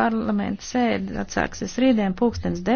parlamenta sēde atsāksies rītdien pulkstens 9.